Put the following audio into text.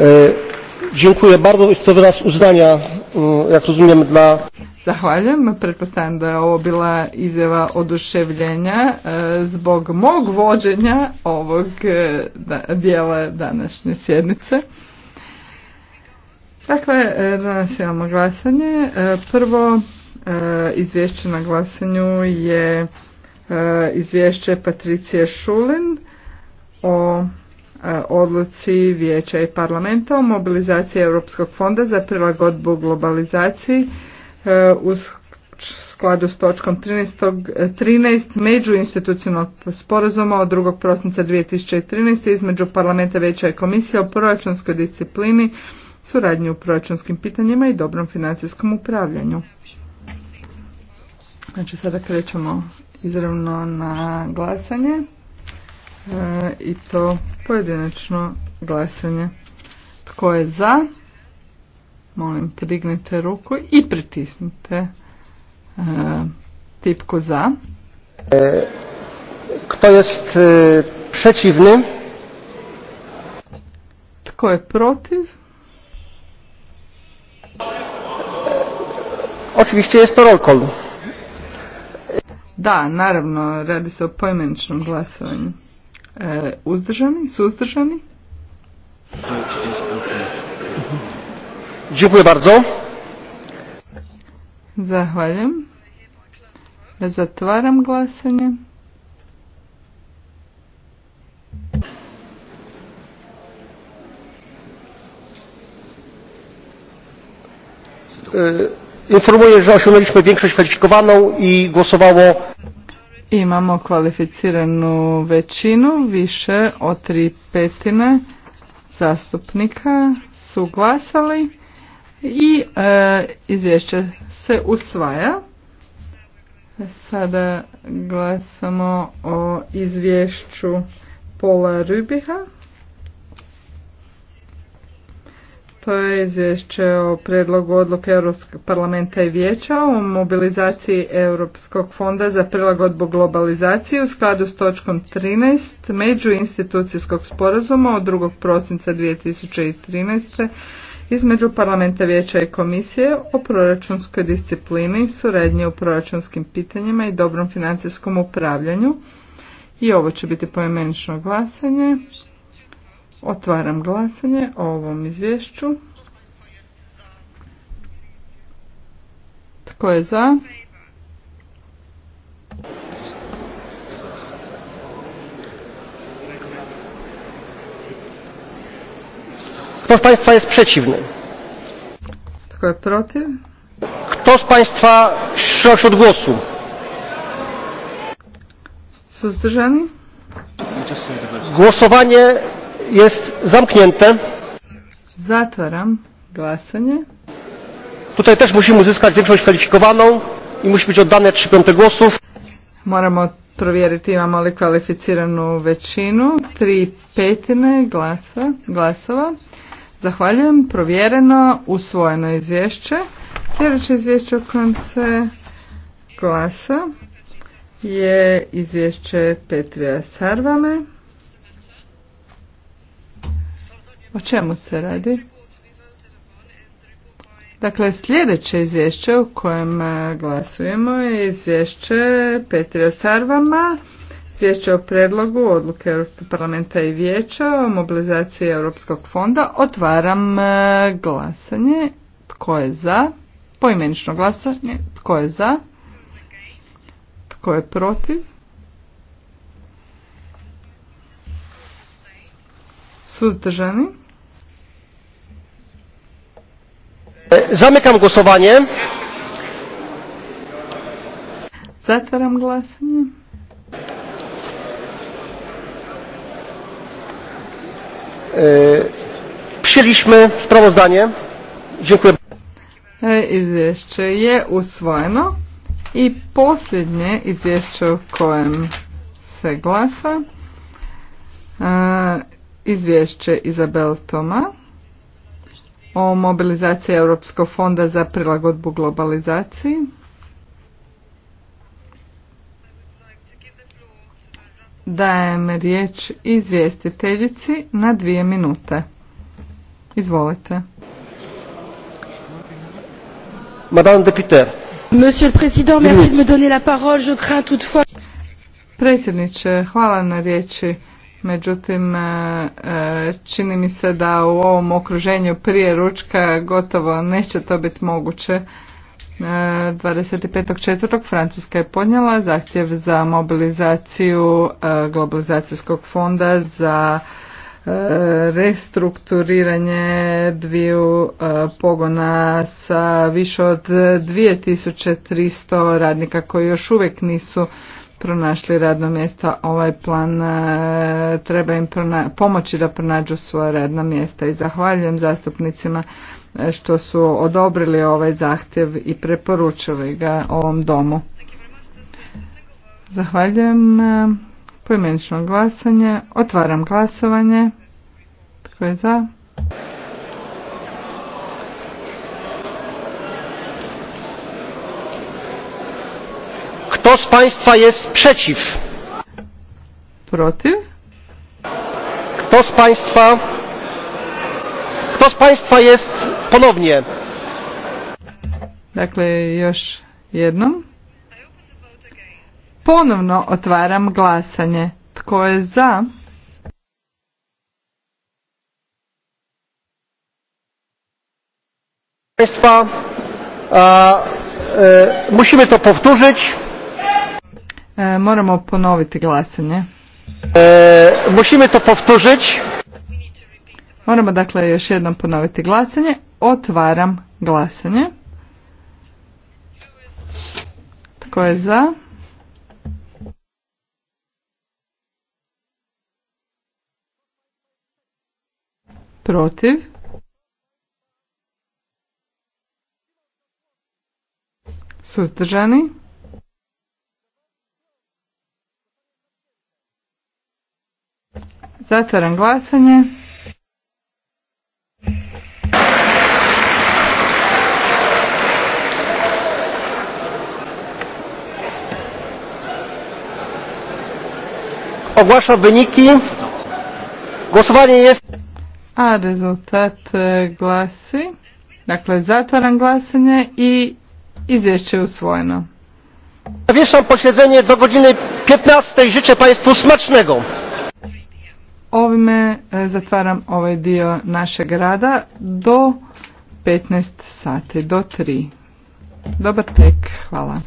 E, dziękuję bardzo. Jest to wyraz uznania, mm, jak rozumiem, dla... Zahvaljujem. Pretpostavljam da je ovo bila izjava oduševljenja e, zbog mog vođenja ovog e, dijela današnje sjednice. Dakle, danas imamo glasanje. Prvo izvješće na glasanju je izvješće Patricije Šulin o e, odluci Vijeća i parlamenta o mobilizaciji Europskog fonda za prilagodbu globalizaciji e, u skladu s točkom 13. 13 međuinstitucionalnog sporazuma od 2. prosinca 2013. između parlamenta Vijeća i komisije o proračunskoj disciplini, suradnji u proračunskim pitanjima i dobrom financijskom upravljanju. Znači sada krećemo izravno na glasanje. E, i to pojedinačno glasanje. Tko je za? Molim, podignite ruku i pritisnite e, tipku za. E, kto jest przeciwny? Tko je protiv? Oczywiście jest to roll Da, naravno, radi se o pojmeničnom glasovanju. E, uzdržani, suzdržani. Dziękuję bardzo. Zahvaljujem. Zatvaram glasanje. E, informuję, że osiągnęliśmy większość kwalifikowaną i głosowało Imamo kvalificiranu većinu, više od tri petine zastupnika su glasali i e, izvješće se usvaja. Sada glasamo o izvješću Pola Rubiha. To pa je izvješće o prijedlogu odluke Europskog parlamenta i vijeća o mobilizaciji Europskog fonda za prilagodbu globalizaciji u skladu s točkom 13 međuinstitucijskog sporazuma od 2. prosinca 2013 između parlamenta vijeća i komisije o proračunskoj disciplini, suradnji u proračunskim pitanjima i dobrom financijskom upravljanju. I ovo će biti pojemenično glasanje. Otvaram glasanje o ovom izvješću. Tko je za? Kto z Państwa jest przeciwny? Tylko jest protiv? Kto z Państwa wstrzymał się od głosu? zdrzeni Głosowanie jest zamknięte. Zatwaram głosowanie. Tutaj też musimy uzyskać większość kwalifikowaną i musi być oddane 3 piąte głosów. Moramo provjeriti imamo li kvalificiranu većinu. Tri petine glasa, glasova. Zahvaljujem. Provjereno, usvojeno izvješće. Sljedeće izvješće o kojem se glasa je izvješće Petrija Sarvame. O čemu se radi? Dakle, sljedeće izvješće u kojem e, glasujemo je izvješće Petrija Sarvama, izvješće o predlogu odluke Europskog parlamenta i vijeća o mobilizaciji Europskog fonda. Otvaram e, glasanje. Tko je za? Poimenično glasanje. Tko je za? Tko je protiv? Suzdržani? Zamykam głosowanie. Zatvaram glasanje. E, przyjęliśmy sprawozdanie. Dziękuję. E, izvješće je usvojeno i posljednje izvješće o kojem se glasa, e, izvješće Izabel Toma o mobilizaciji Europskog fonda za prilagodbu globalizaciji. Dajem riječ izvjestiteljici na dvije minute. Izvolite. Madame Deputer. Monsieur le Président, merci de me donner la parole. Je crains toutefois... Predsjedniče, hvala na riječi. Međutim, e, e, čini mi se da u ovom okruženju prije ručka gotovo neće to biti moguće. 25.4. E, Francuska je podnijela zahtjev za mobilizaciju globalizacijskog fonda za restrukturiranje dviju pogona sa više od 2300 radnika koji još uvijek nisu pronašli radno mjesta. Ovaj plan e, treba im pomoći da pronađu svoje radno mjesta i zahvaljujem zastupnicima e, što su odobrili ovaj zahtjev i preporučili ga ovom domu. Zahvaljujem e, poimenično glasanje. Otvaram glasovanje. Tko je za? Kto z Państwa jest przeciw? Protiv. Kto z Państwa... Kto z Państwa jest ponownie? Dakle, još jednom. Ponovno otvaram głosowanie. Kto je za? Państwa, a, e, musimy to powtórzyć. E, moramo ponoviti glasanje. E, to powtórzyć. Moramo dakle još jednom ponoviti glasanje. Otvaram glasanje. Tko je za? Protiv? Suzdržani? Zatvaram glasanje. Ogłaszam wyniki. Głosowanie jest... A rezultat e, glasi. Dakle, zatvaram glasanje i izvješće je usvojeno. Zavješam posiedzenie do godziny 15. Życzę Państwu smacznego. Ovime e, zatvaram ovaj dio našeg rada do 15 sati, do 3. Dobar tek, hvala.